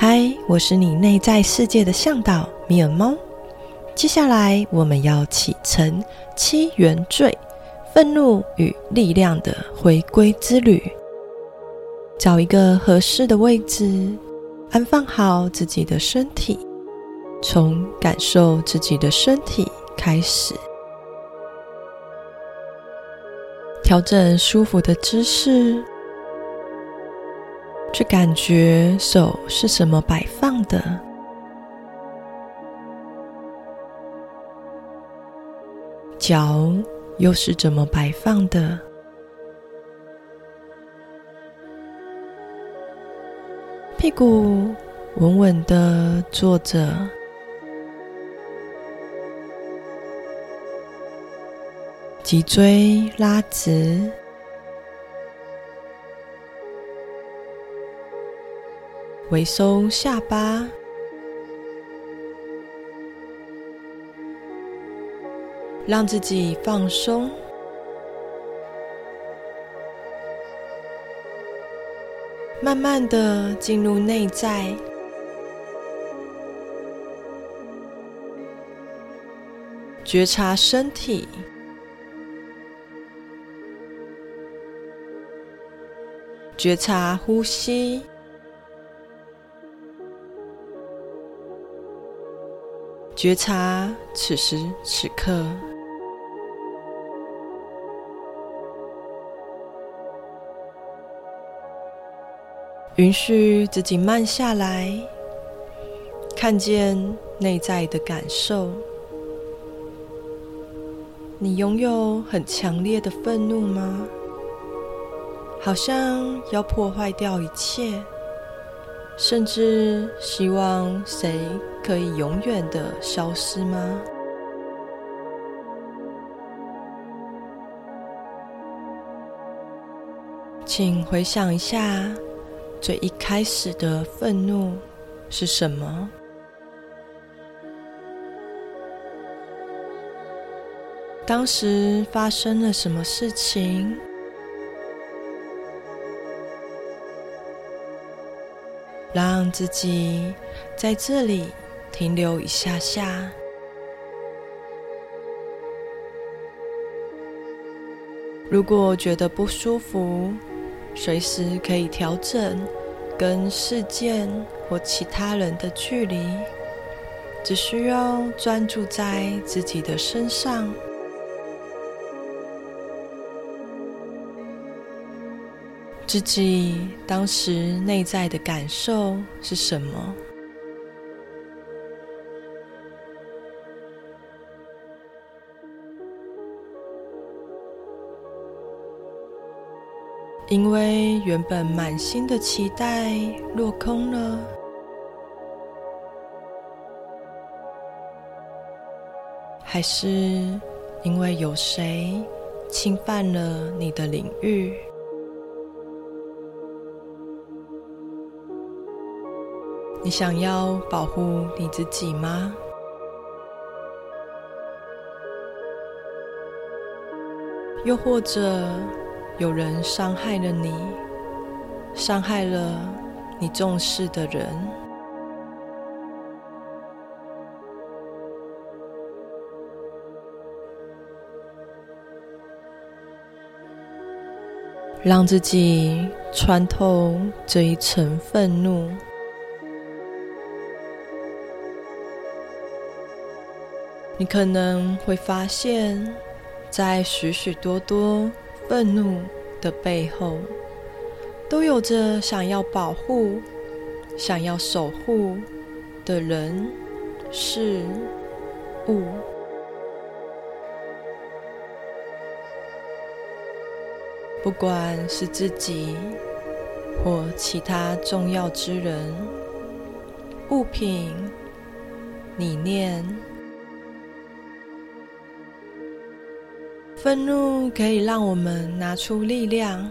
嗨，Hi，我是你內在世界的向導米爾貓。接下來我們要啟程七原罪——憤怒與力量的回歸之旅。找一個合適的位置，安放好自己的身體，從感受自己的身體開始，調整舒服的姿勢。去感覺手是什麼擺放的，腳又是怎麼擺放的，屁股穩穩的坐着，脊椎拉直。微收下巴，讓自己放鬆，慢慢的進入內在，覺察身體，覺察呼吸。覺察此時此刻，允許自己慢下來，看見內在的感受。你擁有很強烈的憤怒嗎？好像要破壞掉一切，甚至希望誰可以永遠的消失嗎？請回想一下，最一開始的憤怒是什麼？當時發生了什麼事情？讓自己在這裡。停留一下下。如果覺得不舒服，隨時可以調整跟事件或其他人的距離，只需要專注在自己的身上。自己當時內在的感受是什麼？因為原本滿心的期待落空了？還是因為有誰侵犯了你的領域？你想要保護你自己嗎？又或者……有人傷害了你，傷害了你重視的人。讓自己穿透這一層憤怒，你可能會發現，在許許多多憤怒的背後，都有着想要保護、想要守護的人事物，不管是自己或其他重要之人、物品、理念。憤怒可以讓我們拿出力量，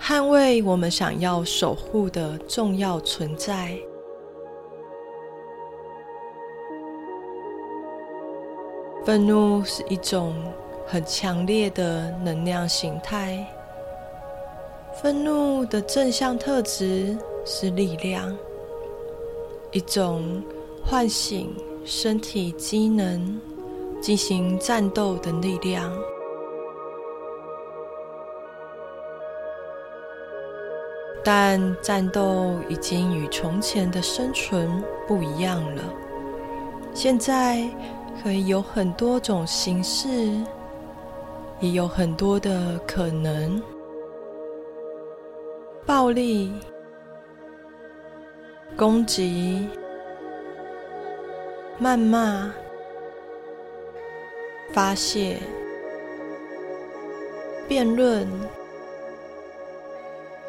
捍衛我們想要守護的重要存在。憤怒是一種很強烈的能量形態。憤怒的正向特質是力量，一種喚醒身體機能進行戰鬥的力量，但戰鬥已經與從前的生存不一樣了。現在可以有很多種形式，也有很多的可能：暴力、攻擊、謾罵。發洩、辯論、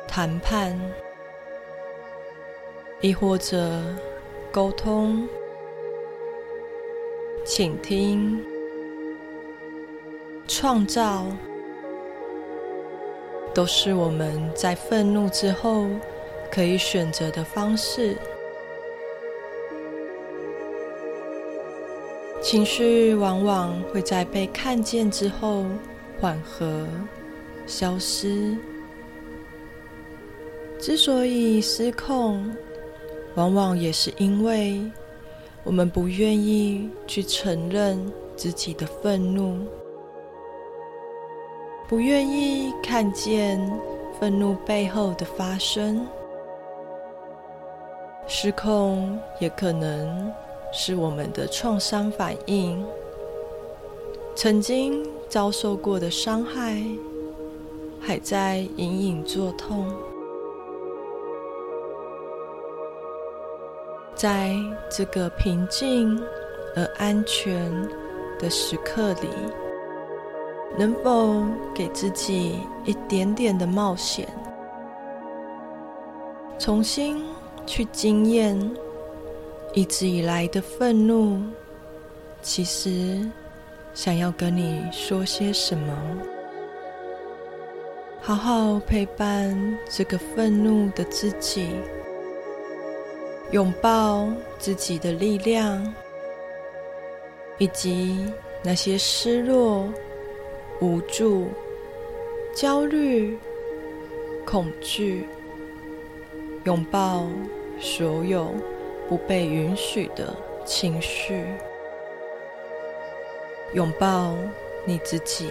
談判，亦或者溝通、傾聽、創造，都是我們在憤怒之後可以選擇的方式。情緒往往會在被看見之後緩和、消失。之所以失控，往往也是因為我們不願意去承認自己的憤怒，不願意看見憤怒背後的發生。失控也可能。是我們的創傷反應，曾經遭受過的傷害，還在隱隱作痛。在這個平靜而安全的時刻裡，能否給自己一點點的冒險，重新去經驗？一直以來的憤怒，其實想要跟你說些什麼？好好陪伴這個憤怒的自己，擁抱自己的力量，以及那些失落、無助、焦慮、恐懼，擁抱所有。不被允許的情緒，擁抱你自己。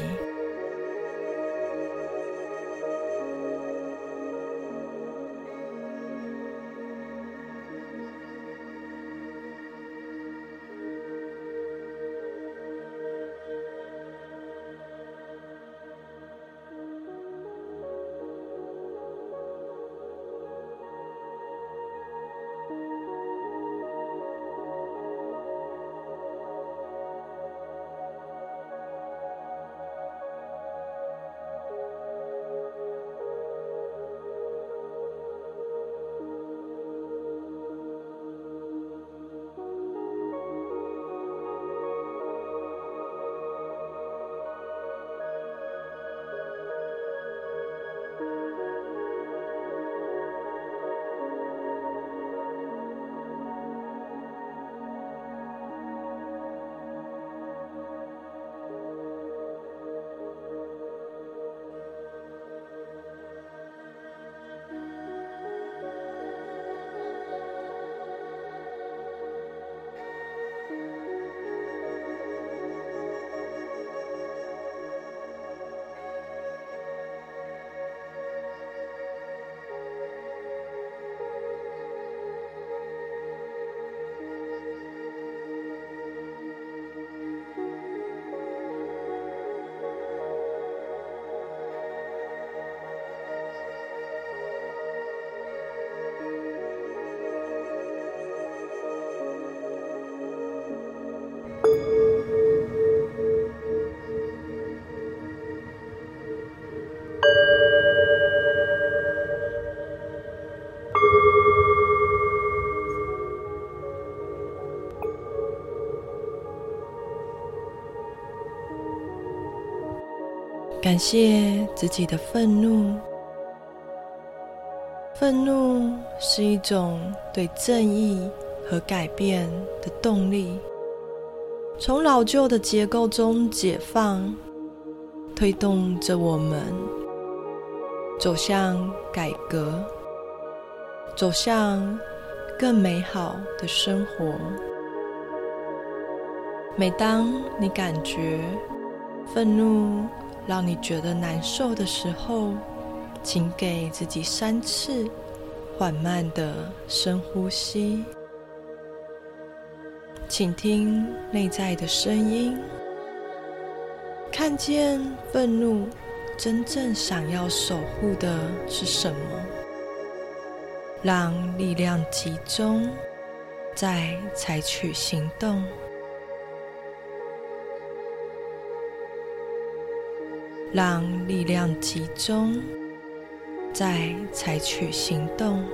感謝自己的憤怒。憤怒是一種對正義和改變的動力，從老舊的結構中解放，推動着我們走向改革，走向更美好的生活。每當你感覺憤怒，讓你覺得難受的時候，請給自己三次緩慢的深呼吸，請聽內在的聲音，看見憤怒真正想要守護的是什麼，讓力量集中再採取行動。讓力量集中，再採取行動。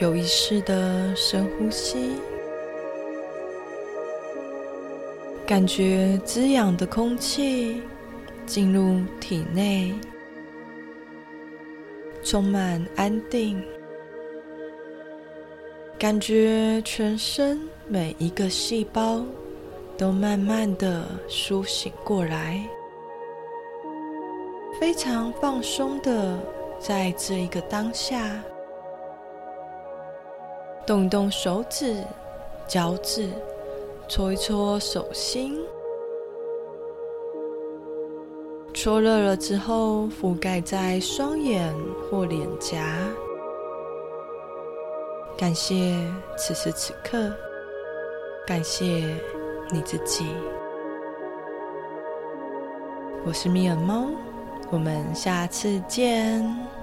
有意識的深呼吸，感覺滋養的空氣進入體內，充滿安定。感覺全身每一個細胞。都慢慢的甦醒過來，非常放鬆的在這一個當下，動動手指、腳趾，搓一搓手心，搓熱了之後覆蓋在雙眼或臉頰，感謝此時此刻，感謝。你自己，我是米爾貓，我們下次見。